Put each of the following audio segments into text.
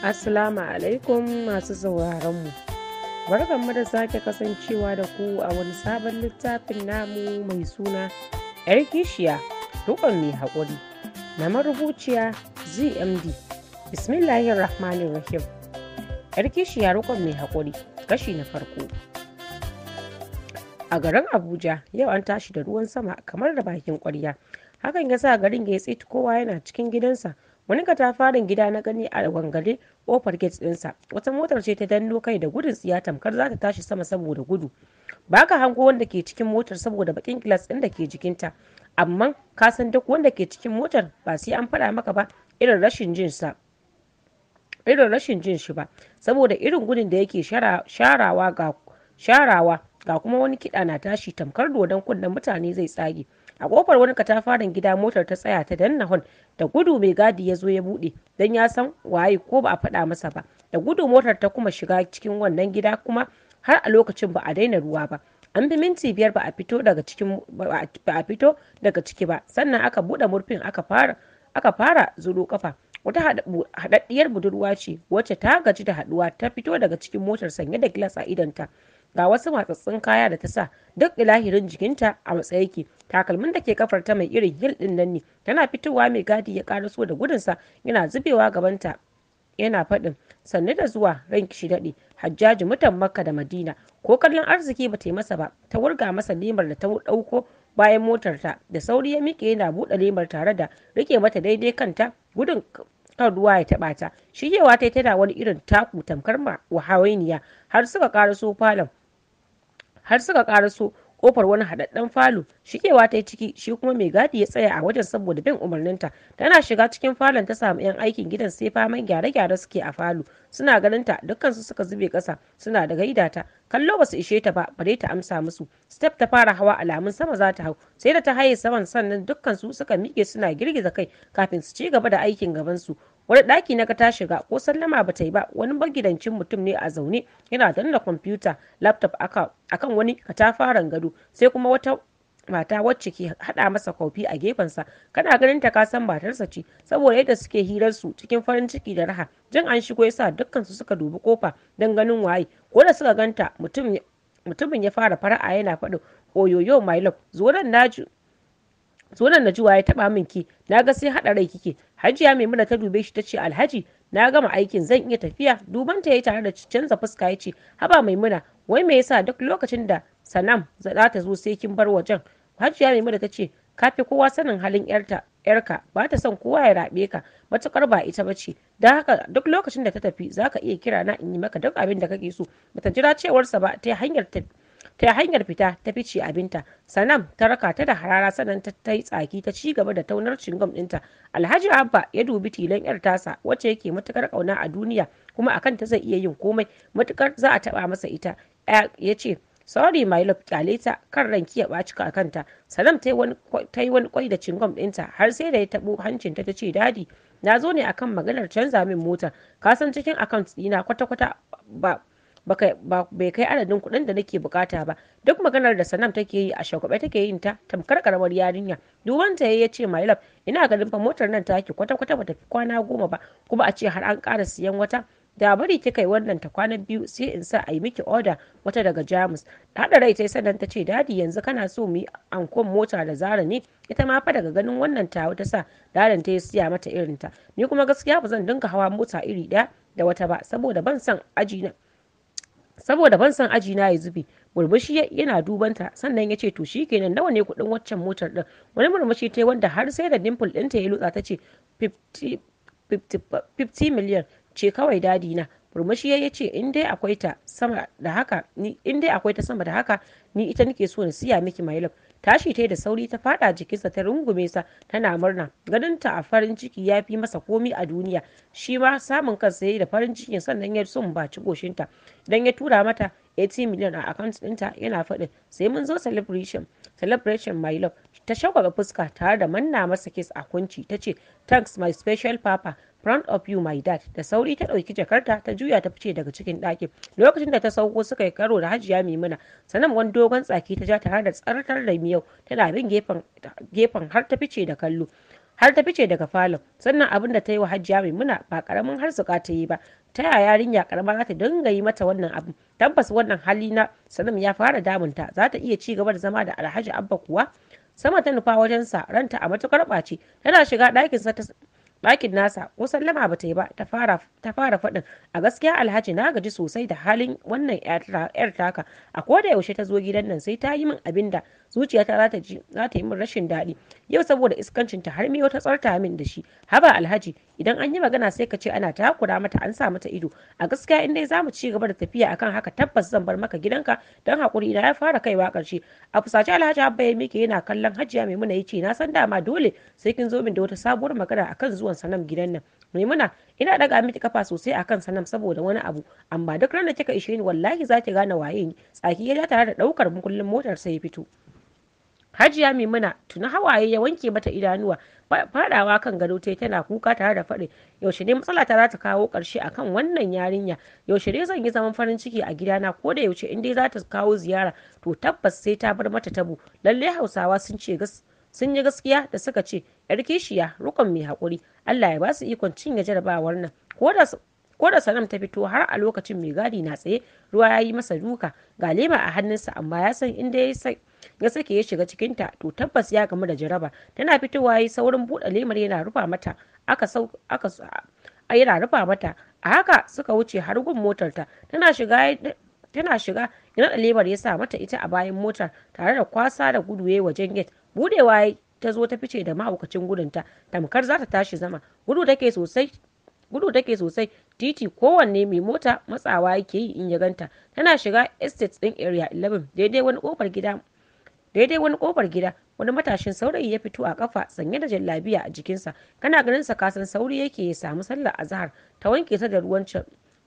Assalamu alaikum masu sauraronmu. Barkanmu da sake kasancewa da ku a wani sabon littafin namu mai suna ‘Yar kishiya, rukon mai haƙuri, na marubuciya ZMD. bismillahirrahmanirrahim ‘Yar kishiya rukon mai haƙuri, kashi na farko. A garin Abuja, yau an tashi da ruwan sama kamar da bakin ƙwarya. Hakan ya sa garin ya tsit kowa yana cikin gidansa wani katafarin gida na gani a wangale ofar gate ɗinsa wata motar ce ta danno kai da gudun tsiya tamkar za ta tashi sama saboda gudu baka ka hango wanda ke cikin motar saboda bakin gilas ɗin da ke jikinta amma ka san duk wanda ke cikin motar ba sai an faɗa maka ba irin rashin jin sa irin rashin jin shi ba saboda irin gudun da yake sharawa ga sharawa ga kuma wani kiɗa na tashi tamkar dodon kunnen mutane zai tsage a kofar wani katafaren gida motar ta tsaya ta danna hon da gudu mai gadi ya zo ya buɗe don ya san waye ko ba a faɗa masa ba da gudu motar ta kuma shiga cikin wannan gida kuma har a lokacin ba a daina ruwa ba an bi minti biyar ba a fito daga cikin ba a fito daga ciki ba sannan aka buɗe murfin aka fara aka fara zuro kafa wata haɗaɗɗiyar budurwa ce wacce ta gaji da haɗuwa ta fito daga cikin motar sanye da gilas a idanta ga wasu matsatsun kaya da ta sa duk ilahirin jikinta a matsa yake takalmin da ke kafarta mai irin hil din nan ne tana fitowa mai gadi ya karaso da gudunsa yana zubewa gabanta yana faɗin sannu da zuwa ran shi daɗe hajjaji mutan makka da madina ko kallon arziki ba ta yi masa ba ta wurga masa lemar da ta ɗauko bayan motarta da sauri ya miƙe yana buɗe lemar tare da rike mata daidai kanta gudun kan ruwa ya taɓa ta shigewa ta yi tana wani irin taku tamkar ma wahawainiya har suka ƙara so falon har suka karaso kofar wani haɗaɗɗen falo shigewa ta yi ciki shi kuma mai gadi ya tsaya a wajen saboda bin umarninta tana shiga cikin falon ta samu yan aikin gidan sai faman gyare-gyare suke a falo suna ganin ta dukkan suka zube ƙasa suna da gaida ta kallo basu ishe ta ba bare ta amsa musu step ta fara hawa alamun sama za ta hau sai da ta haye saman sannan dukkan suka miƙe suna girgiza kai kafin su ci gaba da aikin gaban su wani ɗaki na kata ta shiga ko sallama ba ta yi ba wani magidancin mutum ne a zaune yana danna kwamfuta laptop akan wani katafaren gado sai kuma wata mata wacce ke hada masa kofi a gefensa kana ganin ta ka san matarsa ce saboda yadda suke hirar su cikin farin ciki da raha jin an shigo yasa dukkan su suka dubi kofa don ganin waye ko da suka ganta mutumin ya fara fara'a yana faɗo oyoyo oh, my love zo nan na ji waye taba min ki na ga sai haɗa rai kike hajiya maimuna ta dube shi ta ce alhaji na gama aikin zan iya tafiya duban ta yayi tare da canza fuska ya ce haba maimuna wai me yasa duk lokacin da sanam za ta zo sai kin bar wajen hajiya maimuna ta ce kafi kowa sanin halin yarta yarka ba ta son kowa ya rabe ka matukar ba ita ba ce don haka duk lokacin da ta tafi zaka iya kira na in yi maka duk abin da kake so bata jira cewarsa ba ta hanyar ta hanyar fita ta fice abinta sanam ta raka ta da harara sannan ta yi tsaki ta ci gaba da taunar cingom ɗinta alhaji abba ya dubi tilan yar tasa wacce yake matukar kauna a duniya kuma akan ta zai iya yin komai matukar za a taba masa ita ya ce sorry my love kyale ta kan ranki ya baci ka kanta sanam ta yi wani kwai da cingam ɗinta har sai da ya taɓo hancinta ta ce dadi na zo ne akan maganar canza min mota ka san cikin akant ɗina kwata-kwata ba bai kai adadin kuɗin da nake bukata ba duk maganar da sanam take yi a shagwabe take yin ta tamkar karamar yarinya duban ta ya ce my ina ganin fa motar nan take kwata kwata bata fi kwana goma ba kuma a ce har an ƙara siyan wata da bari kika yi wannan ta kwana biyu sai in sa a yi miki order wata daga jamus haɗa rai ta sannan ta ce dadi yanzu kana so mu yi ankon mota da zara ne ita ma fa daga ganin wannan ta ta sa darin ta siya mata irin ta ni kuma gaskiya ba zan dinga hawa mota iri ɗaya da wata ba saboda ban son aji na saboda ban san aji na ya zube murmushi yana dubanta sannan ya ce to shikenan nawa ne kuɗin waccan motar din wani murmushi ta wanda har sai da dimple ɗinta ya lutsa ta ce 50 miliyan ce kawai dadi na murmushi ya ce in dai akwai ta sama da haka ni ita nake so na siya miki my tashi ta da sauri ta faɗa jikinsa ta rungume sa tana murna ganinta a farin ciki ya fi masa komi a duniya shi ma samun kansa yayi da farin cikin sannan ya sun baci goshinta dan ya tura mata 80 million a account ɗinta yana faɗin sai mun zo celebration celebration my love ta shagwaba fuska tare da manna masa kiss a kunci ta ce thanks my special papa front of you my dad da sauri ta ɗauki jakarta ta juya ta fice daga cikin ɗakin lokacin da ta sauko suka yi karo da hajiya maimuna sannan wani dogon tsaki ta ja tare da tsartar da miyau tana bin gefen har ta fice da kallo har ta fice daga falon sannan abin da ta yi wa hajiya maimuna ba karamin har suka ta yi ba ta yaya yarinya karama za ta dinga yi mata wannan abin tabbas wannan hali na sanam ya fara damunta za ta iya ci gaba da zama da alhaji abba kuwa sama ta nufa wajensa ranta a matukar ɓaci tana shiga ɗakinsa ta ɗakin nasa ko sallama ba ta yi ba ta fara faɗin a gaskiya alhaji na gaji sosai da halin wannan yar taka a da yaushe ta zo gidan nan sai ta yi min abin da zuciyata za ta ji za ta yi min rashin daɗi yau saboda iskancin ta har miyo ta tsarta min da shi haba alhaji idan an yi magana sai ka ce ana takura mata an sa mata ido a gaskiya in dai za mu ci gaba da tafiya akan haka tabbas zan bar maka gidanka don hakuri na ya fara kaiwa ƙarshe a fusace alhaji abba ya mike yana kallon hajiya muna ya ce na san dama dole sai kin zo min da wata sabuwar magana akan zuwa zuwan sanam gidan nan maimuna ina daga miki kafa sosai akan sanam saboda wani abu amma duk ranar kika ishe ni wallahi zaki gane waye ni tsaki ya tare da daukar mukullin motar sai ya fito Hajiya Maimuna tuna hawaye ya wanke mata idanuwa fadawa kan gado tai tana kuka tare da faɗi yaushe ne matsala ta rata kawo karshe akan wannan yarinya yaushe ne zan yi zaman farin ciki a gidana ko da yaushe in dai za ta kawo ziyara to tabbas sai ta bar mata tabu lalle Hausawa sun ce sun yi gaskiya da suka ce yar kishiya rukon mai haƙuri allah ya ba su ikon cinye jarabawar nan ko da sanam ta fito har a lokacin mai gadi na tsaye ruwa ya yi masa duka ga lema a hannunsa amma ya san inda ya sake ya shiga cikinta to tabbas ya gamu da jaraba tana fitowa ya yi saurin buɗe lemar yana rufa mata aka yana rufa mata a haka suka wuce har gun motarta tana shiga tana shiga ya naɗa ya sa mata ita a bayan motar tare da kwasa da gudu ya wajen gate budewa ta zo ta fice da mahaukacin gudun ta tamkar za ta tashi zama gudu take sosai gudu take sosai titi kowanne mai mota matsawa yake yi in ya ganta tana shiga estate ɗin area 11 daidai wani kofar gida daidai wani kofar gida wani matashin saurayi ya fito a kafa sanye da jallabiya a jikinsa kana ganin sa kasan sauri yake ya samu sallar azhar ta wanke ta da ruwan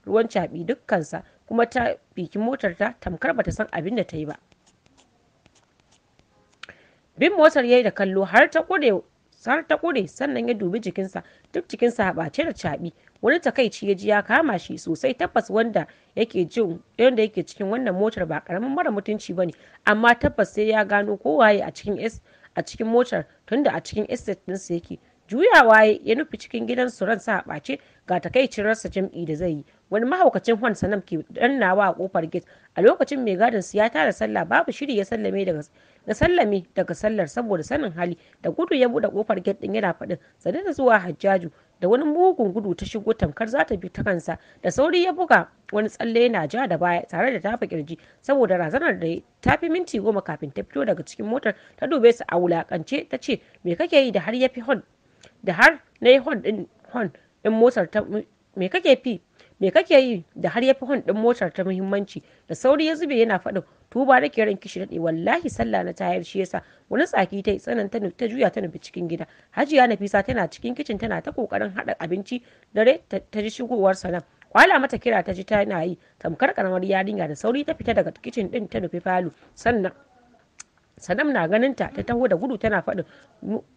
ruwan caɓi dukkansa kuma ta motar ta tamkar bata san abin da ta yi ba bin motar ya yi da kallo har ta kure har ta kure sannan ya dubi jikinsa duk jikinsa a ɓace da caɓi wani takaici ya ji ya kama shi sosai tabbas wanda yake jin yake cikin wannan motar ba karamin mara mutunci ba ne amma tabbas sai ya gano kowaye a cikin a cikin motar tunda a cikin estate ɗinsa yake juyawa ya nufi cikin gidan su ransa a ɓace ga takaicin rasa jam'i da zai yi wani mahaukacin hon sanam ke dannawa a kofar gate a lokacin mai gadin su ya tara sallah babu shiri ya sallame daga sallame daga sallar saboda sanin hali da gudu ya bude kofar gate din yana fadin sanin da zuwa hajjaju da wani mugun gudu ta shigo tamkar za ta bi ta kansa da sauri ya buga wani tsalle yana ja da baya tare da tafa kirji saboda razanar da ta fi minti goma kafin ta fito daga cikin motar ta dube su a wulakance ta ce me kake yi da har ya fi hon da har na yi hon din hon din motar ta me kake fi me kake yi da har ya fi hon din motar ta muhimmanci da sauri ya zube yana faɗin tuba da kiran kishi daɗe wallahi sallah na tayar shi yasa wani tsaki ta yi tsananta ta juya ta nufi cikin gida hajiya nafisa tana cikin kicin tana ta kokarin haɗa abinci dare ta ji shigowar salam kwala mata kira ta ji tana yi tamkar karamar yarinya da sauri ta fita daga kicin din ta nufi falo sannan Sanam na ganin ta ta taho da gudu tana faɗin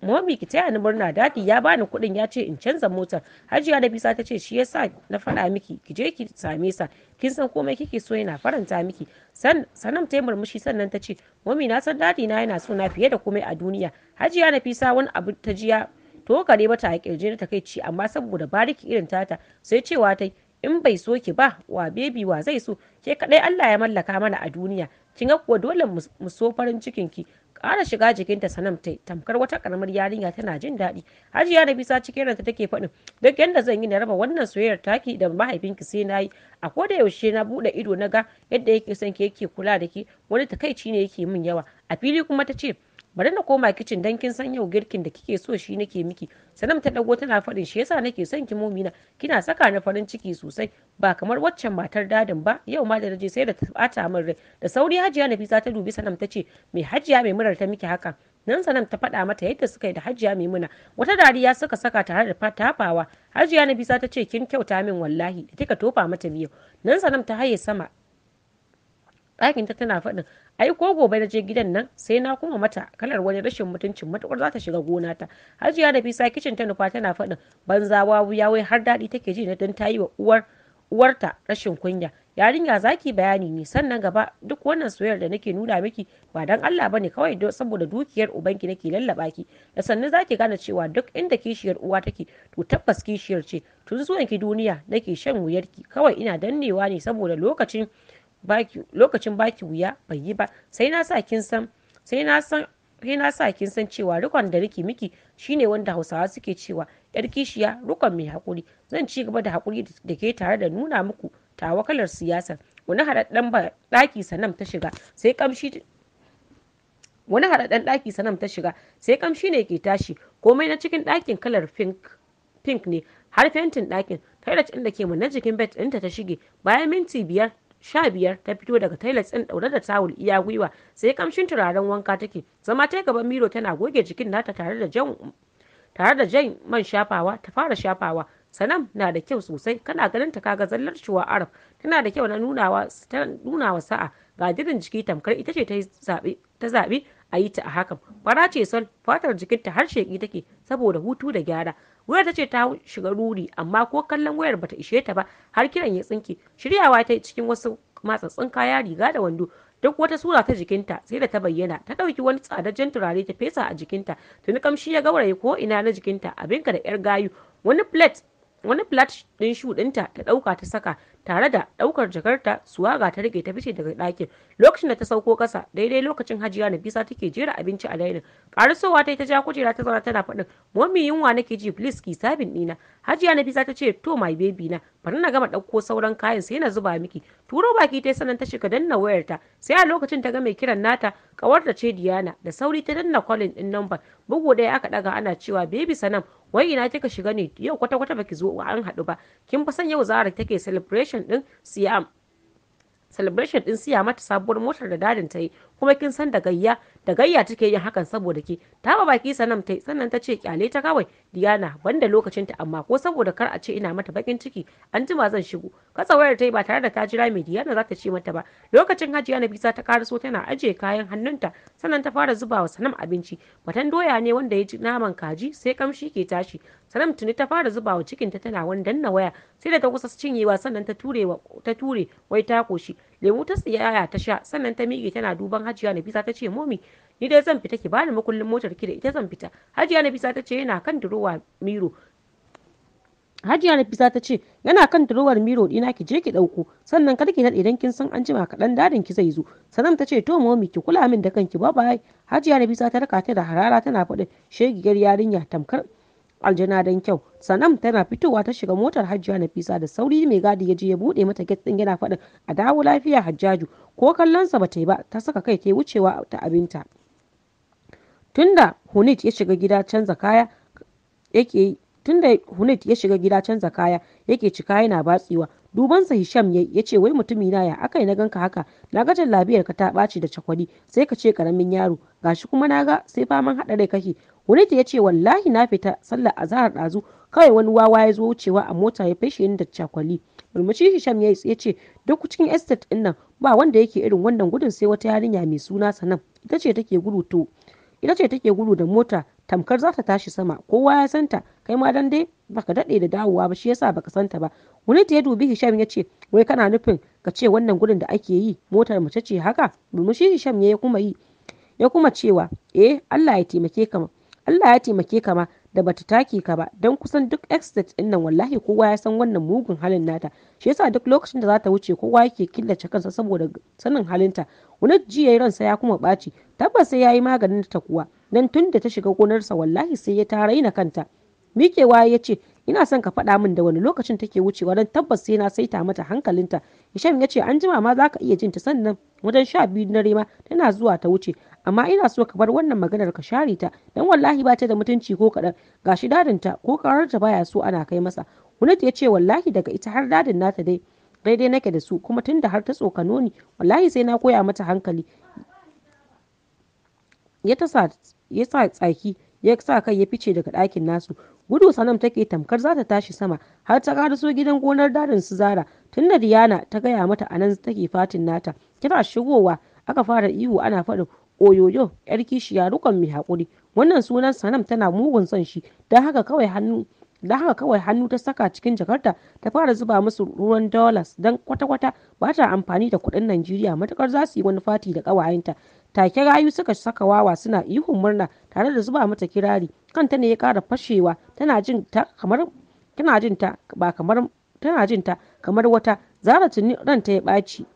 momi ki taya ni murna dadi ya bani kuɗin ya ce in canza motar hajiya da bisa ta ce shi yasa na faɗa miki ki je ki same sa kin san komai kike so yana faranta miki sanam ta murmushi sannan ta ce momi na san dadi na yana so na fiye da komai a duniya hajiya na fisa wani abu ta jiya to kare mata ya kirje ta kai ci amma saboda bariki irin tata sai cewa ta in bai so ki ba wa bebi wa zai so ke kadai Allah ya mallaka mana a duniya kin ga kuwa dole mu so farin cikin ki ƙara shiga jikinta sanam tai tamkar wata karamar yarinya tana jin daɗi hajiya bisa cikin ranta take faɗin duk yadda zan yi na raba wannan soyayyar taki da mahaifinki sai na yi a koda yaushe na buɗe ido na ga yadda yake son ki yake kula da ki wani takaici ne yake min yawa a fili kuma ta ce bari na koma kicin dan kin san yau girkin da kike so shi nake miki sanam ta dago tana faɗin shi yasa nake son ki momina kina saka na farin ciki sosai ba kamar waccan matar dadin ba yau ma da naje sai da ta bata min rai da sauri hajiya nafisa ta dubi sanam ta ce mai hajiya mai murar ta miki haka nan sanam ta faɗa mata yadda suka yi da hajiya maimuna wata dariya suka saka tare da tafawa hajiya nafisa ta ce kin kyauta min wallahi da kika tofa mata miyau nan sanam ta haye sama ɗakin ta tana faɗin ai ko gobe na je gidan nan sai na kuma mata kalar wani rashin mutuncin matukar za ta shiga gona ta hajiya da fisa kicin ta nufa tana faɗin banza wawu ya wai har daɗi take ji na don ta yi wa uwar uwarta rashin kunya yarinya zaki bayani ne sannan gaba duk wannan soyayyar da nake nuna miki ba dan Allah bane kawai saboda dukiyar ubanki nake lallaba ki da sannan zaki gane cewa duk inda kishiyar uwa take to tabbas kishiyar ce tun ki duniya nake shan wuyarki kawai ina dannewa ne saboda lokacin baki lokacin baki wuya bai yi ba sai na sa kin san sai na san sai na sa kin san cewa rikon da riki miki shine wanda hausawa suke cewa yar kishiya rikon mai hakuri zan ci gaba da hakuri da ke tare da nuna muku tawakalar siyasa wani haɗaɗɗen ɗaki sanam ta shiga sai kamshi wani haɗaɗɗen ɗaki sanam ta shiga sai kamshi ne ke tashi komai na cikin ɗakin kalar pink pink ne har fentin ɗakin toilet ɗin da ke na jikin bed ɗinta ta shige bayan minti biyar 15 ta fito daga tailas ɗin ɗaure da tawul iya gwiwa sai kamshin turaren wanka take zama ta gaban miro tana goge jikin nata tare da jan tare da jan man shafawa ta fara shafawa sanam na da kyau sosai kana ganin ta kaga zallar ciwa arab tana da kyau na nunawa ta nunawa sa'a ga jirin jiki tamkar ita ce ta zaɓi a yi ta a hakan fara ce son fatar jikinta har sheƙi take saboda hutu da gyara wayar ta ce ta shiga ruri amma ko kallon wayar bata ishe ta ba har kiran ya tsinke shiryawa ta cikin wasu matsatsin kaya riga da wando duk wata sura ta jikinta sai da ta bayyana ta ɗauki wani tsadajen turare ta fesa a jikinta tuni kamshi ya gauraye ko ina na jikinta abinka da yar gayu wani plate wani flat ɗin shu ta ɗauka ta saka tare da daukar jakarta suwaga ta rike ta fice daga ɗakin lokacin da ta sauko ƙasa daidai lokacin hajiya na Bisa take jera abinci a lainin karasowa ta yi ta ja kujera ta zauna tana faɗin mommy yunwa nake ji please ki sabin ɗina hajiya na Bisa ta ce to my baby na bari na gama ɗauko sauran kayan sai na zuba miki turo baki ta sanan ta shiga danna wayarta sai a lokacin ta ga mai kiran nata kawar da ce diyana da sauri ta danna calling din number bugu ɗaya aka daga ana cewa baby sanam wai ina kika shiga ne yau kwata kwata baki zo an hadu ba kin fa san yau zarar take celebration din Siam celebration din siya mata sabuwar motar da dadin ta yi kuma kin san da gayya da gayya take yin hakan saboda ke ta ba baki sanam ta sannan ta ce kyale ta kawai diyana banda lokacin ta amma ko saboda kar a ce ina mata bakin ciki an jima zan shigo katsa wayar ta yi ba tare da ta jira mai da za ta ce mata ba lokacin hajiya na Bisa ta karaso tana ajiye kayan hannunta sannan ta fara zuba wa sanam abinci batan doya ne wanda ya ji naman kaji sai kamshi ke tashi sanam tuni ta fara zuba wa cikinta tana wandan na waya sai da ta kusa cinyewa sannan ta ture wai ta koshi lemu ta yaya ta sha sannan ta miƙe tana duban hajiya na Bisa ta ce momi ni dai zan fita ki bani makullin motar ki da ita zan fita hajiya na Bisa ta ce yana kan durowa miro Hajiya Nafisa ta ce yana kan durowar miro dina ki je ki ɗauko sannan kar ki naɗe idan kin san an jima kaɗan dadin ki zai zo. Sanam ta ce to momi ki kula min da kanki ba bai Hajiya Nafisa ta raka ta da harara tana faɗin shegiyar yarinya tamkar aljana dan kyau sanam tana fitowa ta shiga motar hajiya nafisa da sauri mai gadi ya je ya bude mata gate din yana faɗin a dawo lafiya hajjaju ko kallonsa bata yi ba ta saka kai ta wucewa ta abinta tunda hunit ya shiga gida canza kaya yake Tun da hunit ya shiga gida canza kaya yake cika yana batsewa, dubansa Hisham ya ya ce wai na ya aka yi na ganka haka, na ga jan labiyar ka ta baci da cakwali sai ka ce ƙaramin yaro, gashi kuma na ga sai faman haɗa rai kake. hunit ya ce wallahi na fita sallar azahar ɗazu kawai wani wawa ya zo wucewa a mota ya fashe ni da cakwali. Murmushi Hisham ya ce duk cikin estate ɗin nan ba wanda yake irin wannan gudun sai wata yarinya mai suna sanan ita ce take gudu to ita ce take gudu da mota tamkar za ta tashi sama kowa ya santa kai ma dan dai baka daɗe da dawowa ba shi yasa baka santa ba wani ta ya dubi hisham ya ce wai kana nufin ka ce wannan gudun da ake yi motar mace ce haka domin shi hisham ya kuma yi ya kuma cewa eh Allah ya taimake ka Allah ya taimake ka ma da bata take ka ba don kusan duk exit din nan wallahi kowa ya san wannan mugun halin nata shi yasa duk lokacin da za ta wuce kowa yake killace kansa saboda sanin halinta wani jiya ransa ya kuma baci tabbas sai yayi maganin ta kuwa dan tun da ta shiga gonarsa wallahi sai ya ta raina kanta miƙewa ya ce ina son ka faɗa min da wani lokacin take wucewa don tabbas sai na saita mata hankalinta hisham ya ce an jima ma za ka iya jinta sannan wajen sha biyu na rema tana zuwa ta wuce amma ina so ka bar wannan maganar ka share ta don wallahi ba ta da mutunci ko kaɗan gashi dadinta ko kararta baya so ana kai masa hunat ya ce wallahi daga ita har dadin nata dai daidai nake da su kuma tun da har ta tsokano ni wallahi sai na koya mata hankali ya ta sa ya sa tsaki ya sa kai ya fice daga ɗakin nasu gudu sanam take tamkar za ta tashi sama har ta karaso gidan gonar dadin su zara tunda diyana ta gaya mata anan take fatin nata kira shigowa aka fara ihu ana faɗin oyoyo yar kishiya rukon mai haƙuri wannan sunan sanam tana mugun son shi don haka kawai hannu don haka kawai hannu ta saka cikin jakarta ta fara zuba musu ruwan dollars don kwata-kwata ba ta amfani da kuɗin najeriya matukar za su yi wani fati da ƙawayenta take rayu suka saka wawa suna ihun murna tare da zuba mata kirari kanta ne ya kara fashewa tana jin ta kamar tana jin ta ba kamar tana jin ta kamar wata zara tuni ranta ya ɓaci